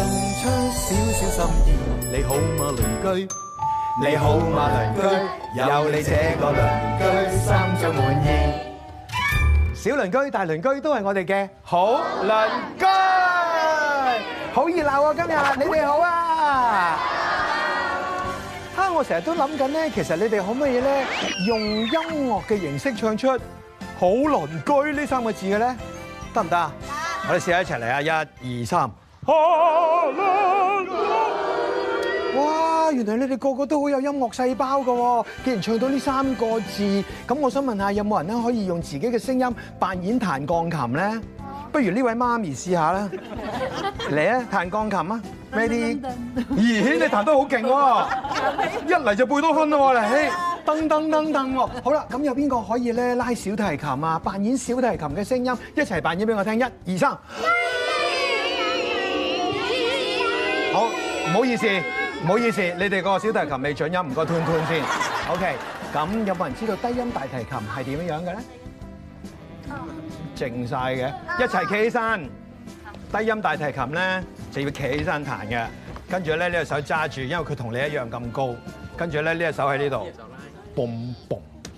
唱出少少心意，你好嗎鄰居？你好嗎鄰居？有你這個鄰居，三中滿意。小鄰居、大鄰居都係我哋嘅好鄰居，好熱鬧啊！今日你哋好啊！哈、 啊，我成日都諗緊咧，其實你哋可唔可以咧用音樂嘅形式唱出“好鄰居”呢三個字嘅咧？得唔得啊？ 我哋試下一齊嚟啊！一二三。哇！原來你哋個個都好有音樂細胞嘅喎，既然唱到呢三個字，咁我想問下，有冇人咧可以用自己嘅聲音扮演彈鋼琴咧？不如呢位媽咪試下啦，嚟啊，彈鋼琴啊，咩啲？怡軒，Ready? 你彈得好勁喎！一嚟就貝多芬啦，嚟噔噔噔噔喎！好啦，咁有邊個可以咧拉小提琴啊？扮演小提琴嘅聲音，一齊扮演俾我聽，一、二、三。唔好意思，唔好意思，你哋個小提琴未準音，唔該吞吞先。OK，咁有冇人知道低音大提琴係點樣嘅咧？靜晒嘅，一齊企起身。低音大提琴咧就要企起身彈嘅，跟住咧呢隻手揸住，因為佢同你一樣咁高。跟住咧呢隻手喺呢度，嘣嘣。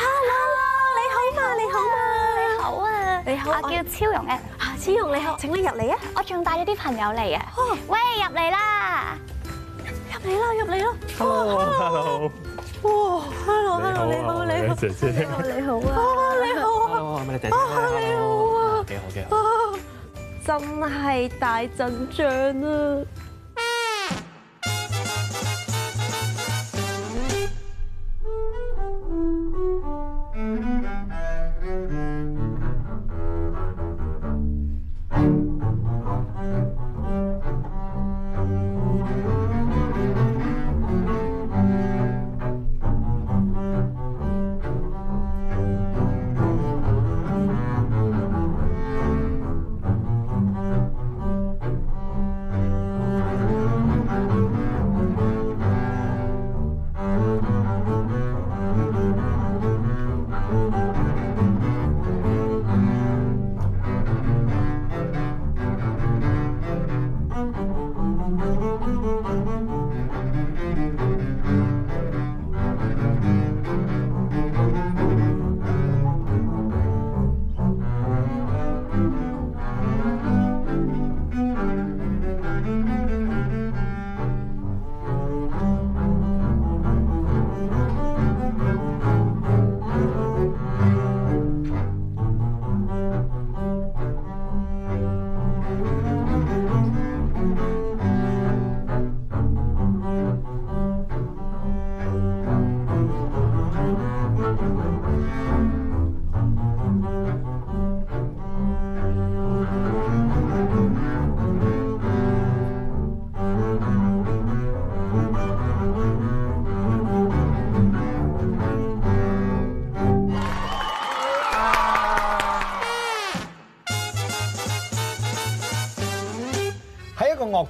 Hello，你好嘛，你好嘛，你好啊，你好，我叫超容嘅，啊，超容，你好，請你入嚟啊，我仲帶咗啲朋友嚟啊，喂，入嚟啦，入嚟咯，入嚟咯，Hello，哇，Hello，Hello，你好，你好，你好，你好啊，你好啊，你好啊，你好啊，幾好幾好，真係大陣仗啊！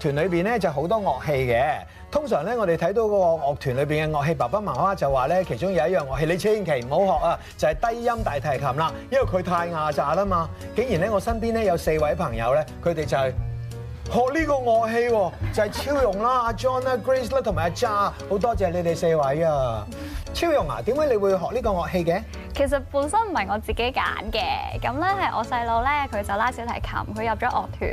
團裏邊咧就好多樂器嘅，通常咧我哋睇到嗰個樂團裏邊嘅樂器，爸爸媽媽就話咧，其中有一樣樂器你千祈唔好學啊，就係、是、低音大提琴啦，因為佢太壓榨啦嘛。竟然咧，我身邊咧有四位朋友咧，佢哋就係、是。學呢個樂器喎，就係、是、超容啦、阿 John 啦、Grace 同埋阿 j 渣，好多謝你哋四位啊！超容啊，點解你會學呢個樂器嘅？其實本身唔係我自己揀嘅，咁咧係我細佬咧，佢就拉小提琴，佢入咗樂團，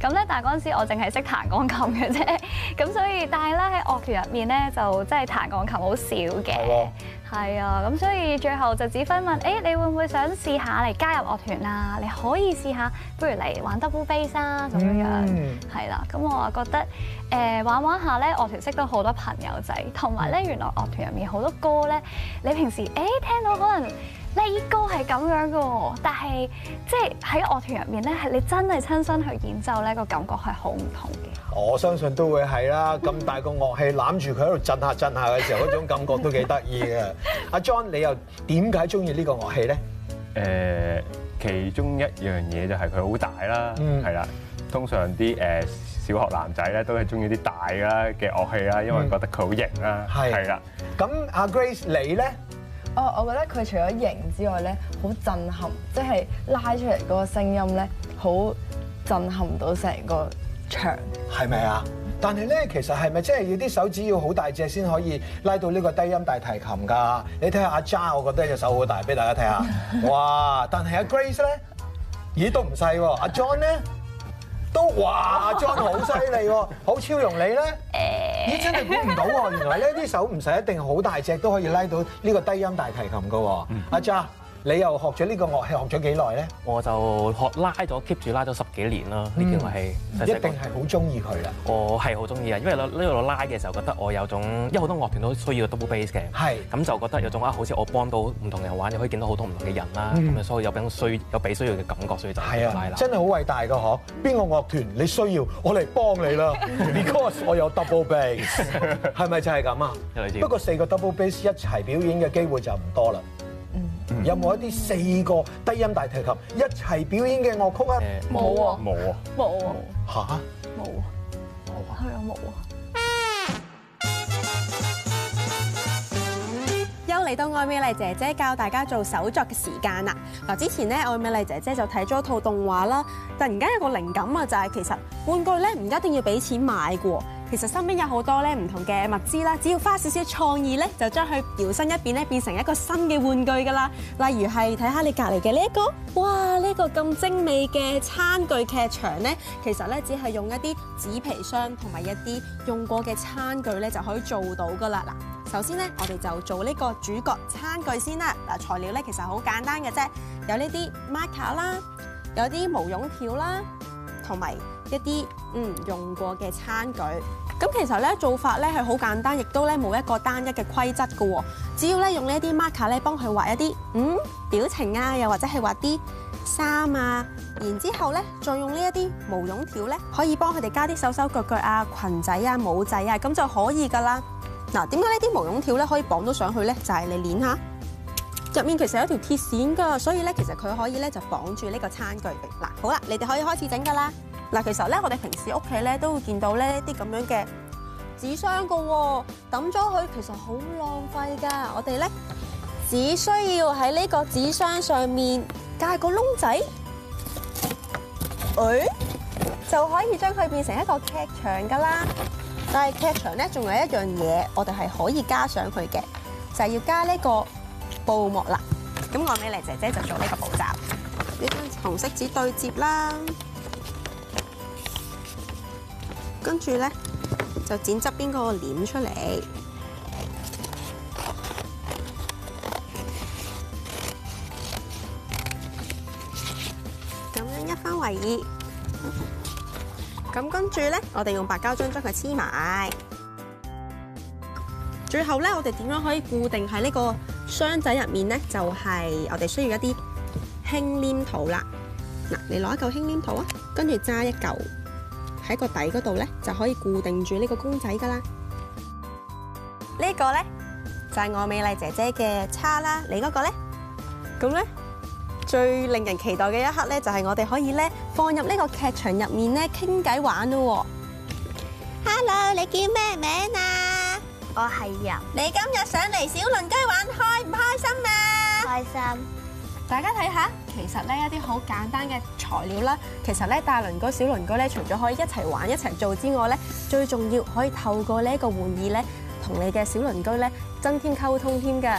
咁咧但嗰陣時我淨係識彈鋼琴嘅啫，咁所以但係咧喺樂團入面咧就真係彈鋼琴好少嘅。係啊，咁所以最後就指揮問：誒你會唔會想試下嚟加入樂團啊？你可以試下，不如嚟玩 double bass 啊，咁樣樣係啦。咁我覺得誒玩一玩下咧，樂團識到好多朋友仔，同埋咧原來樂團入面好多歌咧，你平時誒聽到可能。呢個係咁樣嘅，但係即係喺樂團入面咧，係你真係親身去演奏咧，個感覺係好唔同嘅。我相信都會係啦，咁大個樂器攬住佢喺度震下震下嘅時候，嗰種感覺都幾得意嘅。阿 John，你又點解中意呢個樂器咧？誒，其中一樣嘢就係佢好大啦，係啦。通常啲誒小學男仔咧都係中意啲大啦嘅樂器啦，因為覺得佢好型啦，係啦。咁阿 Grace 你咧？我、oh, 我覺得佢除咗型之外咧，好震撼，即係拉出嚟嗰個聲音咧，好震撼到成個場。係咪啊？但係咧，其實係咪即係要啲手指要好大隻先可以拉到呢個低音大提琴㗎？你睇下阿 John，我覺得隻手好大，俾大家睇下。哇！但係阿 Grace 咧，咦，都唔細喎。阿 John 咧。都華裝好犀利喎，好超 容你咧，咦，真係估唔到喎，原來呢啲手唔使一定好大隻都可以拉到呢個低音大提琴噶喎，阿 c、嗯你又學咗呢個樂器學咗幾耐咧？我就學拉咗 keep 住拉咗十幾年啦，呢件樂器。一定係好中意佢啦。我係好中意啊，因為咧呢度拉嘅時候覺得我有種，因為好多樂團都需要 double bass 嘅，咁就覺得有種啊，好似我幫到唔同人玩，又可以見到好多唔同嘅人啦。咁所以有俾需有俾需要嘅感覺，所以就係啊，真係好偉大㗎嗬，邊個樂團你需要，我嚟幫你啦，because 我有 double bass，係咪就係咁啊？不過四個 double bass 一齊表演嘅機會就唔多啦。有冇一啲四個低音大提琴一齊表演嘅樂曲啊？嗯、冇啊？冇啊！冇啊！冇啊！嚇！冇冇啊！係啊，冇啊！又嚟到愛美麗姐姐教大家做手作嘅時間啦。嗱，之前咧，愛美麗姐姐就睇咗一套動畫啦，突然間有個靈感啊，就係、是、其實玩具咧唔一定要俾錢買嘅喎。其實身邊有好多咧唔同嘅物資啦，只要花少少創意咧，就將佢搖身一變咧，變成一個新嘅玩具噶啦。例如係睇下你隔離嘅呢一個，哇！呢個咁精美嘅餐具劇場咧，其實咧只係用一啲紙皮箱同埋一啲用過嘅餐具咧就可以做到噶啦。嗱，首先咧我哋就做呢個主角餐具先啦。嗱，材料咧其實好簡單嘅啫，有呢啲 marker 啦，有啲毛絨條啦，同埋。一啲嗯用過嘅餐具咁，其實咧做法咧係好簡單，亦都咧冇一個單一嘅規則嘅喎。只要咧用呢一啲 marker 咧幫佢畫一啲嗯表情啊，又或者係畫啲衫啊，然之後咧再用呢一啲毛絨條咧可以幫佢哋加啲手手腳腳啊、裙仔啊、帽仔啊，咁就可以噶啦。嗱，點解呢啲毛絨條咧可以綁到上去咧？就係、是、你捻下入面其實有一條鐵線㗎，所以咧其實佢可以咧就綁住呢個餐具嗱。好啦，你哋可以開始整噶啦。嗱，其實咧，我哋平時屋企咧都會見到呢啲咁樣嘅紙箱噶，抌咗佢其實好浪費噶。我哋咧只需要喺呢個紙箱上面加個窿仔，誒，就可以將佢變成一個劇場噶啦。但係劇場咧，仲有一樣嘢，我哋係可以加上去嘅，就係要加呢個布幕啦。咁我美麗姐姐就做呢個步驟，呢張紅色紙對接啦。跟住咧，就剪側邊嗰個簾出嚟，咁樣一分為二。咁跟住咧，我哋用白膠漿將佢黐埋。最後咧，我哋點樣可以固定喺呢個箱仔入面咧？就係我哋需要一啲輕黏土啦。嗱，你攞一嚿輕黏土啊，跟住揸一嚿。喺個底嗰度咧就可以固定住呢個公仔噶啦。呢個咧就係、是、我美麗姐姐嘅叉啦。你嗰個咧，咁咧最令人期待嘅一刻咧，就係我哋可以咧放入呢個劇場入面咧傾偈玩咯。Hello，你叫咩名啊？我係人。你今日上嚟小鄰居玩開唔開心啊？開心。大家睇下，其實咧一啲好簡單嘅材料啦，其實咧大鄰居小鄰居咧，除咗可以一齊玩一齊做之外咧，最重要可以透過呢一個玩意咧，同你嘅小鄰居咧增添溝通添㗎。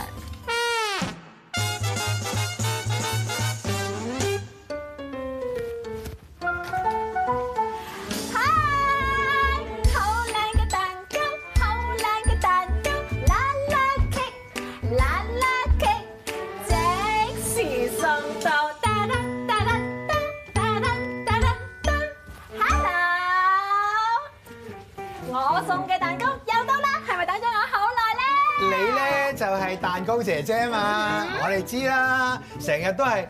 我送嘅蛋糕又到啦，係咪等咗我好耐咧？你咧就係蛋糕姐姐啊嘛，咩？我哋知啦，成日都係，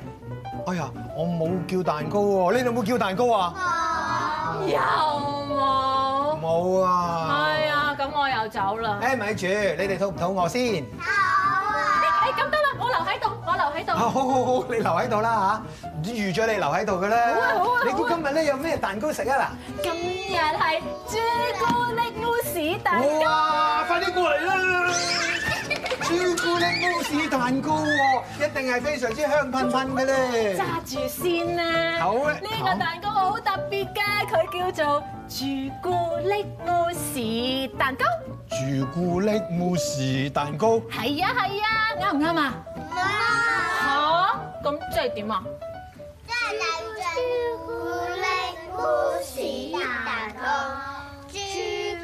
哎呀，我冇叫蛋糕喎，你哋有冇叫蛋糕啊？有冇？冇啊！係啊，咁我又走啦。哎咪住，你哋肚唔肚餓先？喺度啊！好好好，你留喺度啦嚇，預咗你留喺度嘅咧。好啊好啊！好，你估今日咧有咩蛋糕食啊嗱？今日係朱古力慕士蛋糕。啊，快啲過嚟啦！ 朱古力慕士蛋糕喎，一定係非常之香噴噴嘅咧。揸住先啊！好啊的！呢個蛋糕好特別㗎，佢的叫做朱古力慕士蛋糕。朱古力慕士蛋糕。係啊係啊，啱唔啱啊？合吓？咁即係點啊？即係兩隻朱古力慕士蛋糕。朱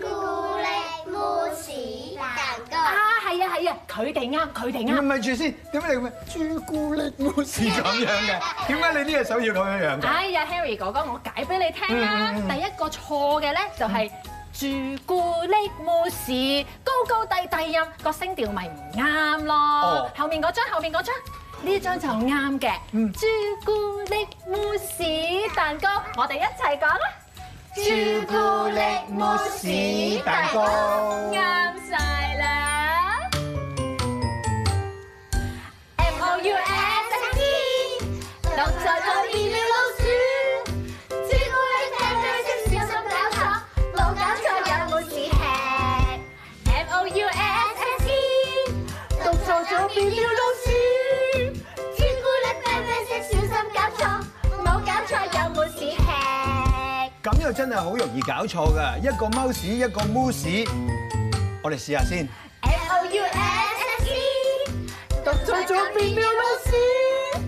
古力慕士蛋糕？啊係啊係啊，佢哋啱，佢哋啱。唔係住先，點解你朱古力慕士咁樣嘅？點解 你呢隻手要咁樣樣哎呀，Harry 哥哥，我解俾你聽啊！嗯、第一個錯嘅咧、就係，就係、嗯。朱古力慕士，高高低低音個聲調咪唔啱咯。後面嗰張，後面嗰張，呢張就啱嘅。朱古力慕士蛋糕，我哋一齊講啦。朱古力慕士蛋糕啱晒啦。呢個真係好容易搞錯噶，一個貓屎，一個 mousse，我哋試下先。M O U S S E，讀錯咗變尿老鼠。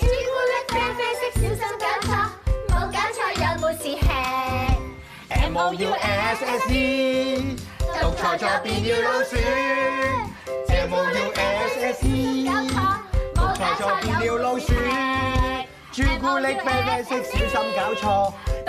朱古力啡啡色，小心搞錯，冇搞錯有冇事吃。M O U S S E，讀錯咗變尿老鼠。M O U S S E，讀錯咗變尿老鼠。朱古力啡啡色，小心搞錯。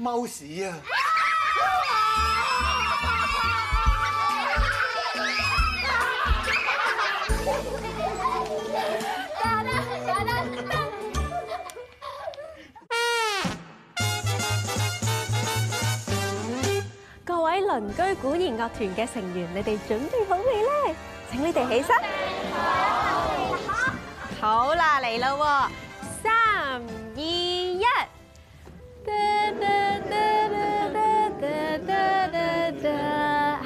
貓屎啊！各位鄰居古言樂團嘅成員，你哋準備好未呢？請你哋起身。好啦，嚟咯，三二。噠噠噠噠噠噠噠噠！啊，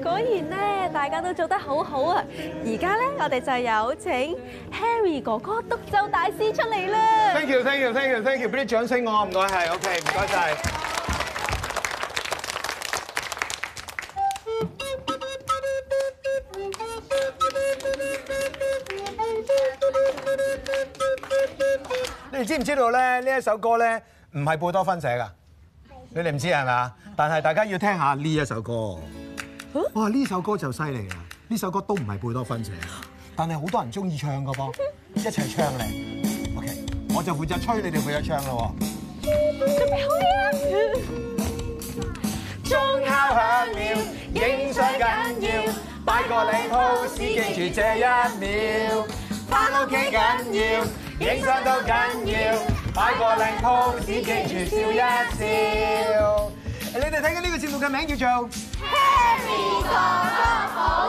果然咧，大家都做得好好啊！而家咧，我哋就有請 Harry 哥哥獨奏大師出嚟啦！Thank you，Thank you，Thank you，Thank you！俾啲掌聲我啊，唔該係，OK，唔該晒。你知唔知道咧？呢一首歌咧，唔係貝多芬寫噶。你哋唔知係咪？但係大家要聽下呢一首歌。哇！呢首歌就犀利啦！呢首歌都唔係貝多芬寫，但係好多人中意唱㗎噃，一齊唱嚟 OK，我就負責吹你哋負責唱咯。鐘敲響了，影相緊要，擺個你 pose，記住這一秒，返屋企緊要。影相都緊要，擺個靚 pose，記住笑一笑你們這聽你。你哋睇緊呢個節目嘅名叫做《Harry 做得好》。